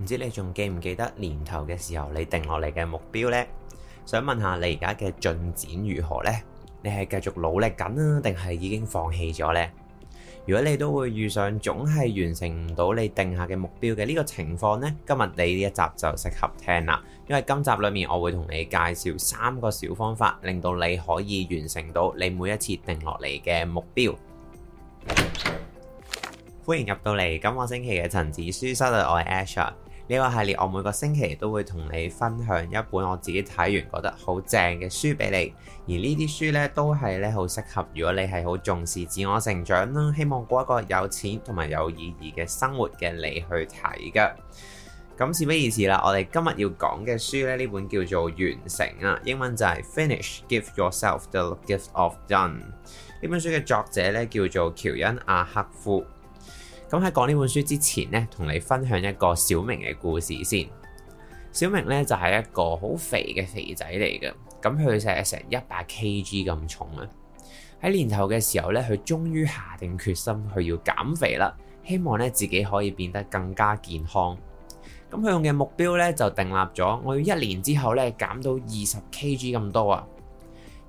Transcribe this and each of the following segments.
唔知你仲記唔記得年頭嘅時候你定落嚟嘅目標呢？想問下你而家嘅進展如何呢？你係繼續努力緊啊，定係已經放棄咗呢？如果你都會遇上總係完成唔到你定下嘅目標嘅呢個情況呢，今日你呢一集就適合聽啦，因為今集裏面我會同你介紹三個小方法，令到你可以完成到你每一次定落嚟嘅目標。歡迎入到嚟今個星期嘅塵籽書室度，我係 Ash。呢個系列，我每個星期都會同你分享一本我自己睇完覺得好正嘅書俾你，而呢啲書咧都係咧好適合，如果你係好重視自我成長啦，希望過一個有錢同埋有意義嘅生活嘅你去睇㗎。咁事不宜遲啦，我哋今日要講嘅書咧，呢本叫做《完成》啊，英文就係《Finish Give Yourself the Gift of Done》。呢本書嘅作者呢叫做喬恩‧阿考夫。咁喺講呢本書之前咧，同你分享一個小明嘅故事先。小明呢，就係一個好肥嘅肥仔嚟嘅，咁佢成日成一百 K G 咁重啊！喺年頭嘅時候呢，佢終於下定決心佢要減肥啦，希望呢自己可以變得更加健康。咁佢用嘅目標呢，就定立咗，我要一年之後呢減到二十 K G 咁多啊！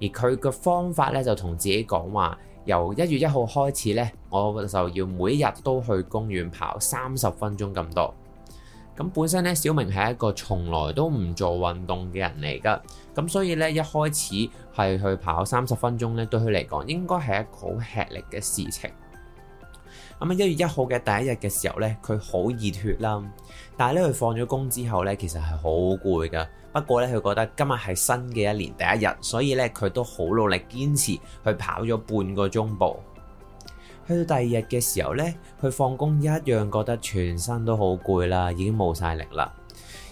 而佢嘅方法呢，就同自己講話。1 由一月一號開始咧，我就要每日都去公園跑三十分鐘咁多。咁本身咧，小明係一個從來都唔做運動嘅人嚟噶。咁所以咧，一開始係去跑三十分鐘咧，對佢嚟講應該係一個好吃力嘅事情。咁啊，一月一號嘅第一日嘅時候咧，佢好熱血啦。但係咧，佢放咗工之後咧，其實係好攰噶。不過咧，佢覺得今日係新嘅一年第一日，所以咧，佢都好努力堅持去跑咗半個鐘步。去到第二日嘅時候咧，佢放工一樣覺得全身都好攰啦，已經冇晒力啦。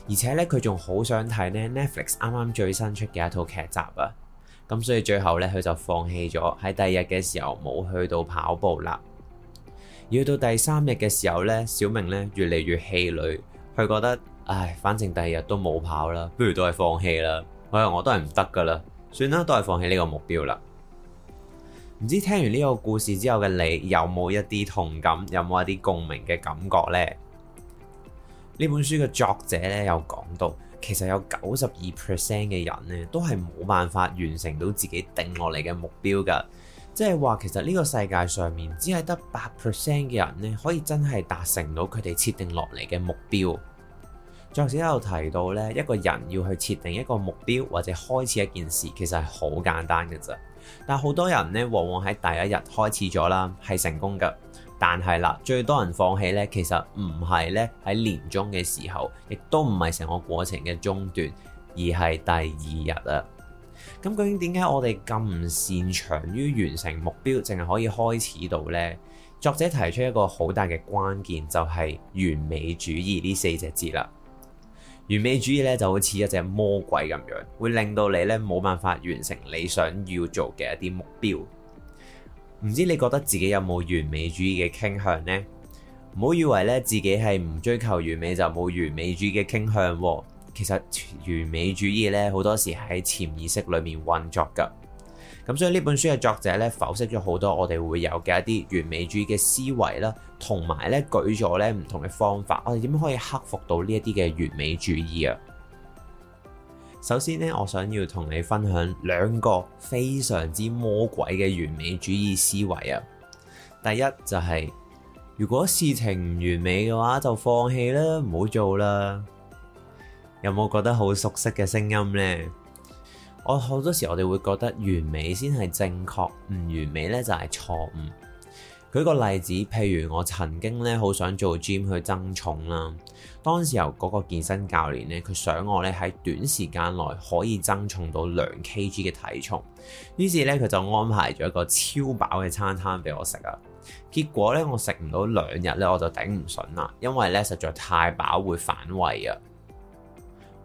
而且咧，佢仲好想睇咧 Netflix 啱啱最新出嘅一套劇集啊。咁所以最後咧，佢就放棄咗喺第二日嘅時候冇去到跑步啦。要到第三日嘅時候咧，小明咧越嚟越氣餒，佢覺得。唉，反正第二日都冇跑啦，不如都係放棄啦，哎，我話我都係唔得噶啦，算啦，都係放棄呢個目標啦。唔知聽完呢個故事之後嘅你有冇一啲同感，有冇一啲共鳴嘅感覺呢？呢本書嘅作者咧，有講到其實有九十二 percent 嘅人呢，都係冇辦法完成到自己定落嚟嘅目標噶。即係話其實呢個世界上面只係得八 percent 嘅人呢，可以真係達成到佢哋設定落嚟嘅目標。作者有提到咧，一個人要去設定一個目標或者開始一件事，其實係好簡單嘅咋。但好多人呢，往往喺第一日開始咗啦，係成功嘅。但係啦，最多人放棄呢，其實唔係呢喺年終嘅時候，亦都唔係成個過程嘅中段，而係第二日啊。咁究竟點解我哋咁唔擅長於完成目標，淨係可以開始到呢？作者提出一個好大嘅關鍵，就係完美主義呢四隻字啦。完美主義咧就好似一隻魔鬼咁樣，會令到你咧冇辦法完成你想要做嘅一啲目標。唔知你覺得自己有冇完美主義嘅傾向呢？唔好以為咧自己係唔追求完美就冇完美主義嘅傾向。其實完美主義咧好多時喺潛意識裏面運作㗎。咁所以呢本書嘅作者咧剖析咗好多我哋會有嘅一啲完美主義嘅思維啦，同埋咧舉咗咧唔同嘅方法，我哋點樣可以克服到呢一啲嘅完美主義啊。首先咧，我想要同你分享兩個非常之魔鬼嘅完美主義思維啊。第一就係如果事情唔完美嘅話，就放棄啦，唔好做啦。有冇覺得好熟悉嘅聲音呢？我好多時，我哋會覺得完美先係正確，唔完美咧就係錯誤。舉個例子，譬如我曾經咧好想做 gym 去增重啦。當時候嗰個健身教練咧，佢想我咧喺短時間內可以增重到兩 kg 嘅體重，於是咧佢就安排咗一個超飽嘅餐單俾我食啊。結果咧，我食唔到兩日咧，我就頂唔順啦，因為咧實在太飽會反胃啊。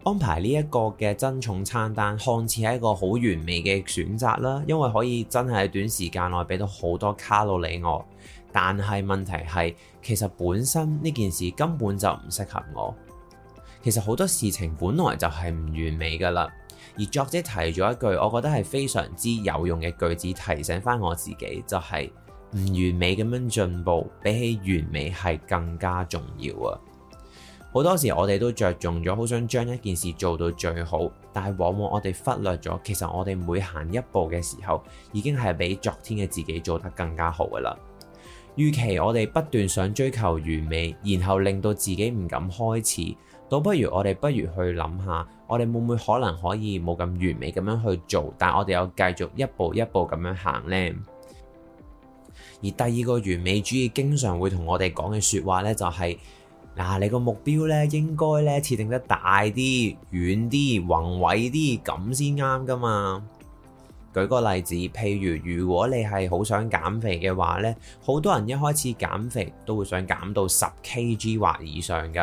安排呢一個嘅增重餐單，看似係一個好完美嘅選擇啦，因為可以真係喺短時間內俾到好多卡路里我。但係問題係，其實本身呢件事根本就唔適合我。其實好多事情本來就係唔完美噶啦。而作者提咗一句，我覺得係非常之有用嘅句子，提醒翻我自己，就係、是、唔完美咁樣進步，比起完美係更加重要啊！好多時我哋都着重咗，好想將一件事做到最好，但係往往我哋忽略咗，其實我哋每行一步嘅時候，已經係比昨天嘅自己做得更加好㗎喇。與其我哋不斷想追求完美，然後令到自己唔敢開始，倒不如我哋不如去諗下，我哋會唔會可能可以冇咁完美咁樣去做，但我哋又繼續一步一步咁樣行呢。而第二個完美主義經常會同我哋講嘅説話呢、就係，就係。嗱、啊，你個目標咧應該咧設定得大啲、遠啲、宏偉啲，咁先啱噶嘛？舉個例子，譬如如果你係好想減肥嘅話呢，好多人一開始減肥都會想減到十 Kg 或以上嘅。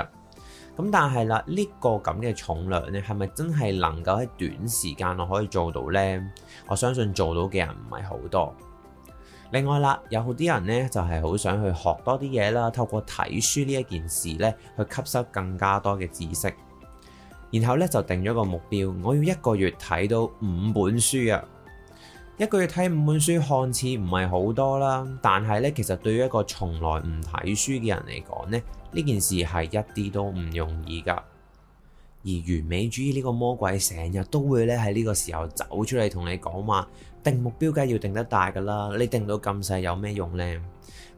咁但係啦，呢個咁嘅重量呢，係咪真係能夠喺短時間內可以做到呢？我相信做到嘅人唔係好多。另外啦，有好啲人呢就係、是、好想去學多啲嘢啦，透過睇書呢一件事呢，去吸收更加多嘅知識。然後呢，就定咗個目標，我要一個月睇到五本書啊！一個月睇五本書，看似唔係好多啦，但係呢，其實對於一個從來唔睇書嘅人嚟講呢，呢件事係一啲都唔容易㗎。而完美主義呢個魔鬼成日都會咧喺呢個時候走出嚟同你講嘛，定目標梗係要定得大噶啦，你定到咁細有咩用咧？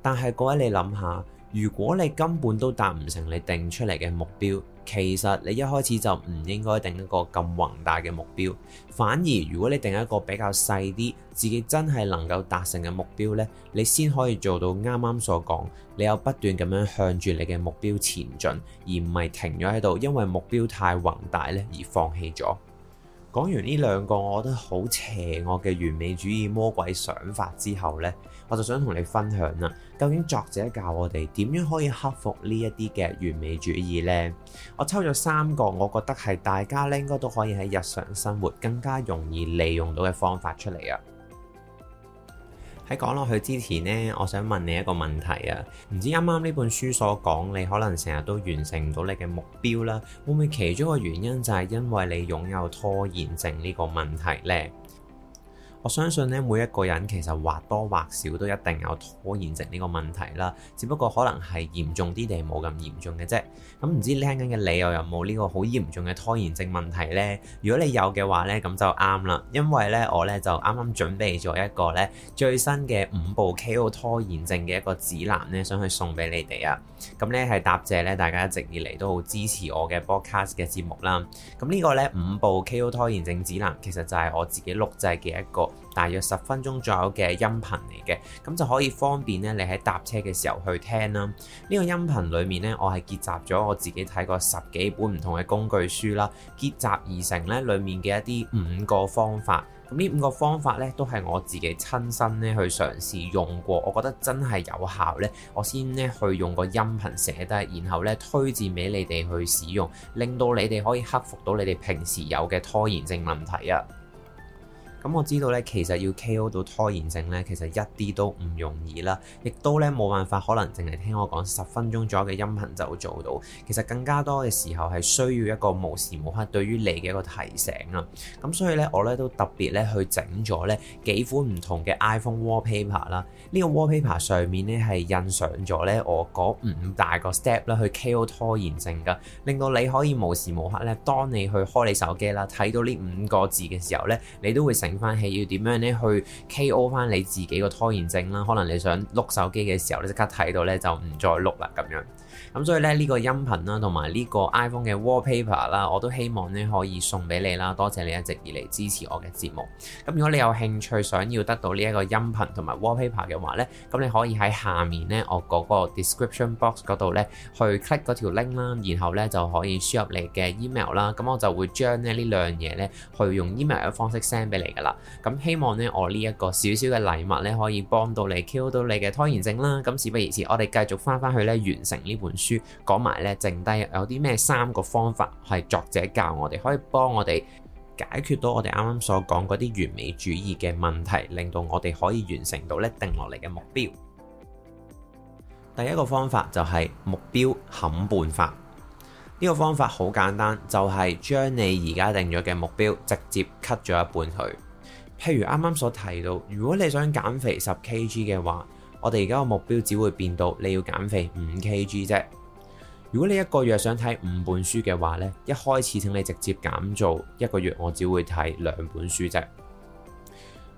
但係各位你諗下。如果你根本都達唔成你定出嚟嘅目標，其實你一開始就唔應該定一個咁宏大嘅目標。反而如果你定一個比較細啲、自己真係能夠達成嘅目標咧，你先可以做到啱啱所講，你有不斷咁樣向住你嘅目標前進，而唔係停咗喺度，因為目標太宏大咧而放棄咗。講完呢兩個我覺得好邪惡嘅完美主義魔鬼想法之後呢，我就想同你分享啦。究竟作者教我哋點樣可以克服呢一啲嘅完美主義呢？我抽咗三個，我覺得係大家咧應該都可以喺日常生活更加容易利用到嘅方法出嚟啊。喺講落去之前呢，我想問你一個問題啊，唔知啱啱呢本書所講，你可能成日都完成唔到你嘅目標啦，會唔會其中一個原因就係因為你擁有拖延症呢個問題呢？我相信咧，每一個人其實或多或少都一定有拖延症呢個問題啦。只不過可能係嚴重啲定係冇咁嚴重嘅啫。咁、嗯、唔知聽緊嘅你又有冇呢個好嚴重嘅拖延症問題呢？如果你有嘅話呢，咁就啱啦。因為呢，我呢就啱啱準備咗一個呢最新嘅五步 K.O. 拖延症嘅一個指南呢，想去送俾你哋啊。咁呢係答謝咧大家一直以嚟都好支持我嘅 Podcast 嘅節目啦。咁、嗯、呢、呢個呢，五步 K.O. 拖延症指南其實就係我自己錄製嘅一個。大約十分鐘左右嘅音頻嚟嘅，咁就可以方便咧你喺搭車嘅時候去聽啦。呢個音頻裏面呢，我係結集咗我自己睇過十幾本唔同嘅工具書啦，結集而成呢裡面嘅一啲五個方法。咁呢五個方法呢，都係我自己親身咧去嘗試用過，我覺得真係有效呢我先咧去用個音頻寫低，然後呢推薦俾你哋去使用，令到你哋可以克服到你哋平時有嘅拖延症問題啊！咁、嗯、我知道咧，其實要 KO 到拖延症咧，其實一啲都唔容易啦，亦都咧冇辦法，可能淨係聽我講十分鐘左右嘅音頻就會做到。其實更加多嘅時候係需要一個無時無刻對於你嘅一個提醒啊。咁所以咧，我咧都特別咧去整咗咧幾款唔同嘅 iPhone wallpaper 啦。呢、這個 wallpaper 上面咧係印上咗咧我嗰五大個 step 咧去 KO 拖延症噶，令到你可以無時無刻咧，當你去開你手機啦，睇到呢五個字嘅時候咧，你都會成。翻起要點樣咧去 KO 返你自己個拖延症啦？可能你想碌手機嘅時候咧，即刻睇到咧就唔再碌啦，咁樣。咁所以咧呢個音頻啦，同埋呢個 iPhone 嘅 wallpaper 啦，我都希望呢可以送俾你啦。多謝你一直以嚟支持我嘅節目。咁如果你有興趣想要得到呢一個音頻同埋 wallpaper 嘅話呢，咁你可以喺下面呢我嗰個 description box 嗰度呢去 click 嗰條 link 啦，然後呢就可以輸入你嘅 email 啦。咁我就會將咧呢兩樣嘢呢去用 email 嘅方式 send 俾你噶啦。咁希望呢，我呢一個少少嘅禮物呢可以幫到你 kill 到你嘅拖延症啦。咁事不宜遲，我哋繼續翻翻去呢完成呢。本書講埋咧，剩低有啲咩三個方法係作者教我哋，可以幫我哋解決到我哋啱啱所講嗰啲完美主義嘅問題，令到我哋可以完成到咧定落嚟嘅目標。第一個方法就係目標砍半法，呢、這個方法好簡單，就係、是、將你而家定咗嘅目標直接 cut 咗一半去。譬如啱啱所提到，如果你想減肥十 Kg 嘅話。我哋而家個目標只會變到你要減肥五 kg 啫。如果你一個月想睇五本書嘅話呢，一開始請你直接減做一個月，我只會睇兩本書啫。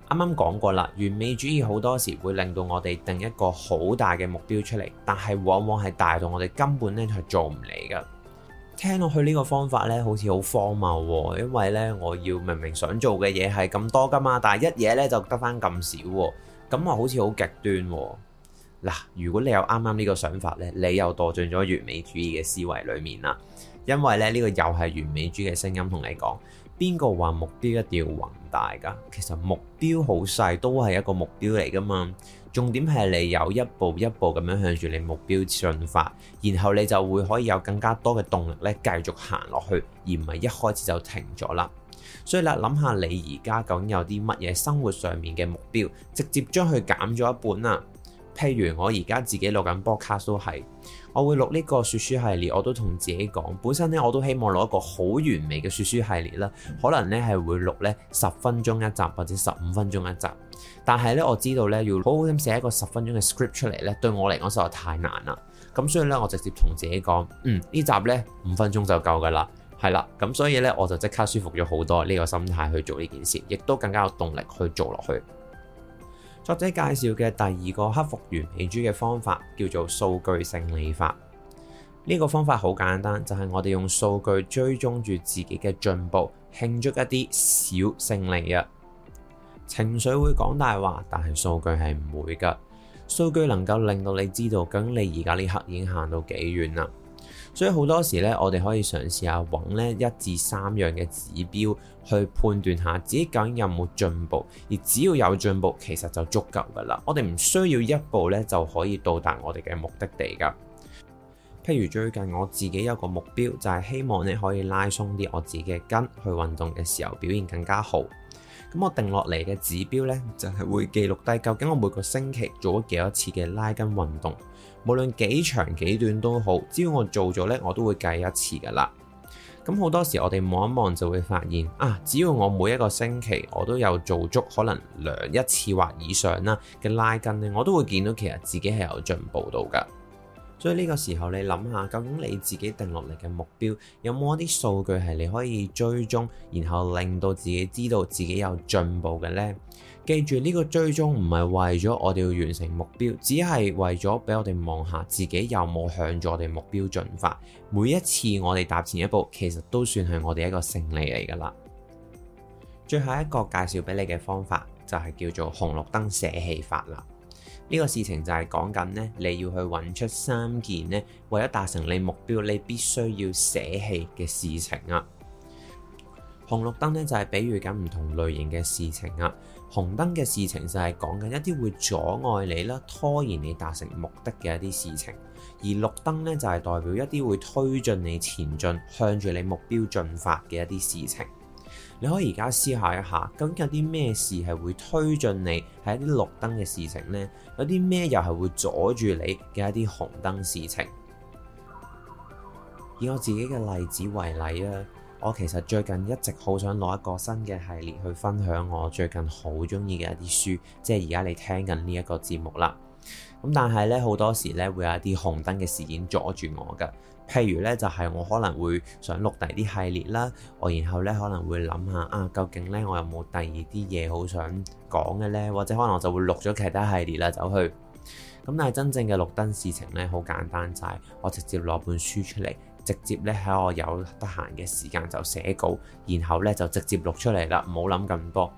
啱啱講過啦，完美主義好多時會令到我哋定一個好大嘅目標出嚟，但係往往係大到我哋根本呢係做唔嚟噶。聽落去呢個方法呢好似好荒謬喎，因為呢我要明明想做嘅嘢係咁多噶嘛，但係一嘢呢就得返咁少。咁我好似好極端喎、啊、嗱，如果你有啱啱呢個想法呢，你又墮進咗完美主義嘅思維裡面啦。因為咧呢、呢個又係完美主義嘅聲音同你講，邊個話目標一定要宏大噶？其實目標好細都係一個目標嚟噶嘛。重點係你有一步一步咁樣向住你目標進發，然後你就會可以有更加多嘅動力咧，繼續行落去，而唔係一開始就停咗啦。所以啦，諗下你而家究竟有啲乜嘢生活上面嘅目標，直接將佢減咗一半啦。譬如我而家自己錄緊 podcast 都係，我會錄呢個說書系列，我都同自己講，本身咧我都希望攞一個好完美嘅說書系列啦，可能咧係會錄咧十分鐘一集或者十五分鐘一集，但係咧我知道咧要好好咁寫一個十分鐘嘅 script 出嚟咧，對我嚟講實在太難啦。咁所以咧，我直接同自己講，嗯，呢集咧五分鐘就夠噶啦。係啦，咁所以呢，我就即刻舒服咗好多呢個心態去做呢件事，亦都更加有動力去做落去。作者介紹嘅第二個克服完美主義嘅方法叫做數據勝利法。呢個方法好簡單，就係我哋用數據追蹤住自己嘅進步，慶祝一啲小勝利啊！情緒會講大話，但係數據係唔會噶。數據能夠令到你知道，咁你而家呢刻已經行到幾遠啦。所以好多時咧，我哋可以嘗試下揾呢一至三樣嘅指標去判斷下自己究竟有冇進步，而只要有進步，其實就足夠噶啦。我哋唔需要一步咧就可以到達我哋嘅目的地噶。譬如最近我自己有個目標，就係希望咧可以拉鬆啲我自己嘅筋，去運動嘅時候表現更加好。咁我定落嚟嘅指標呢，就係會記錄低究竟我每個星期做咗幾多次嘅拉筋運動。無論幾長幾短都好，只要我做咗呢，我都會計一次噶啦。咁好多時我哋望一望就會發現啊，只要我每一個星期我都有做足，可能量一次或以上啦嘅拉筋，呢我都會見到其實自己係有進步到噶。所以呢個時候你諗下，究竟你自己定落嚟嘅目標有冇一啲數據係你可以追蹤，然後令到自己知道自己有進步嘅呢？記住呢個追蹤唔係為咗我哋要完成目標，只係為咗俾我哋望下自己有冇向咗我哋目標進發。每一次我哋踏前一步，其實都算係我哋一個勝利嚟噶啦最後一個介紹俾你嘅方法就係叫做紅綠燈捨棄法啦。呢個事情就係講緊呢，你要去揾出三件呢，為咗達成你目標，你必須要捨棄嘅事情啊。紅綠燈呢，就係比喻緊唔同類型嘅事情啊。紅燈嘅事情就係講緊一啲會阻礙你啦、拖延你達成目的嘅一啲事情，而綠燈呢，就係代表一啲會推進你前進、向住你目標進發嘅一啲事情。你可以而家思考一下，究竟有啲咩事係會推進你係一啲綠燈嘅事情呢？有啲咩又係會阻住你嘅一啲紅燈事情？以我自己嘅例子為例啊！我其實最近一直好想攞一個新嘅系列去分享我最近好鍾意嘅一啲書，即係而家你聽緊呢一個節目啦。咁但係咧好多時咧會有一啲紅燈嘅事件阻住我㗎，譬如咧就係我可能會想錄第啲系列啦，我然後咧可能會諗下啊，究竟咧我有冇第二啲嘢好想講嘅咧，或者可能我就會錄咗其他系列啦走去。咁但係真正嘅綠燈事情咧好簡單，就係我直接攞本書出嚟。直接咧喺我有得閒嘅時間就寫稿，然後咧就直接錄出嚟啦，唔好諗咁多。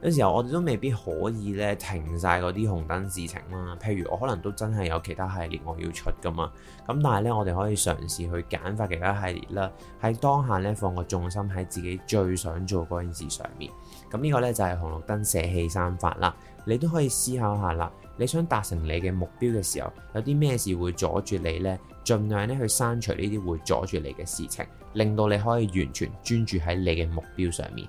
有時候我哋都未必可以咧停晒嗰啲紅燈事情啦，譬如我可能都真係有其他系列我要出㗎嘛，咁但係咧我哋可以嘗試去揀返其他系列啦，喺當下咧放個重心喺自己最想做嗰件事上面。咁呢個咧就係紅綠燈捨棄三法啦，你都可以思考下啦。你想達成你嘅目標嘅時候，有啲咩事會阻住你呢？盡量咧去刪除呢啲會阻住你嘅事情，令到你可以完全專注喺你嘅目標上面。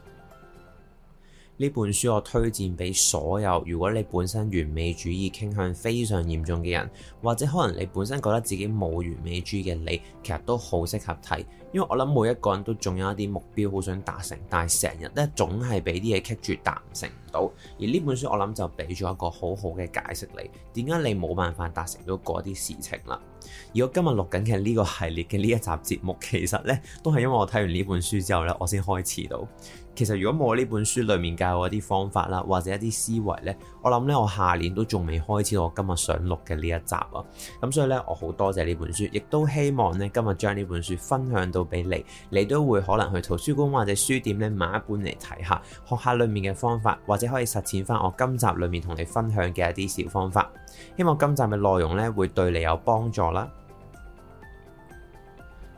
呢本書我推薦俾所有，如果你本身完美主義傾向非常嚴重嘅人，或者可能你本身覺得自己冇完美主義嘅你，其實都好適合睇。因為我諗每一個人都仲有一啲目標好想達成，但係成日咧總係俾啲嘢棘住，達唔成唔到。而呢本書我諗就俾咗一個好好嘅解釋你點解你冇辦法達成到嗰啲事情啦。而我今日錄緊嘅呢個系列嘅呢一集節目，其實呢，都係因為我睇完呢本書之後呢，我先開始到。其實如果冇呢本書裏面教我啲方法啦，或者一啲思維呢，我諗呢，我下年都仲未開始我今日想錄嘅呢一集啊。咁所以呢，我好多謝呢本書，亦都希望呢今日將呢本書分享到俾你，你都會可能去圖書館或者書店呢買一本嚟睇下，學下裏面嘅方法，或者可以實踐返我今集裏面同你分享嘅一啲小方法。希望今集嘅內容呢會對你有幫助啦。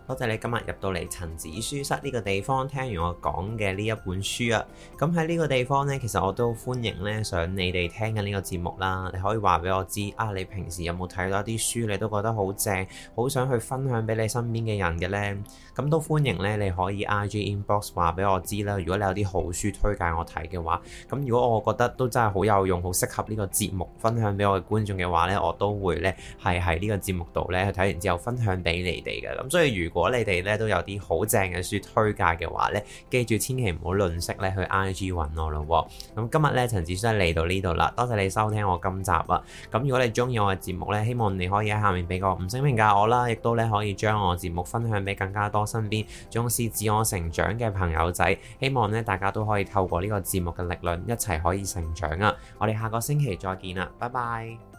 多謝你今日入到嚟塵籽書室呢個地方，聽完我講嘅呢一本書啊！咁喺呢個地方呢，其實我都歡迎呢，想你哋聽緊呢個節目啦。你可以話俾我知啊，你平時有冇睇到一啲書，你都覺得好正，好想去分享俾你身邊嘅人嘅呢？咁都歡迎呢，你可以 IG inbox 話俾我知啦。如果你有啲好書推介我睇嘅話，咁如果我覺得都真係好有用，好適合呢個節目分享俾我嘅觀眾嘅話呢，我都會呢，係喺呢個節目度呢睇完之後分享俾你哋嘅。咁所以如如果你哋咧都有啲好正嘅書推介嘅話呢，記住千祈唔好吝嗇咧去 IG 揾我咯喎。咁今日呢，塵籽書室就嚟到呢度啦，多謝你收聽我今集啊。咁如果你中意我嘅節目呢，希望你可以喺下面俾個五星評價我啦，亦都咧可以將我節目分享俾更加多身邊重視自我成長嘅朋友仔。希望呢，大家都可以透過呢個節目嘅力量，一齊可以成長啊！我哋下個星期再見啦，拜拜。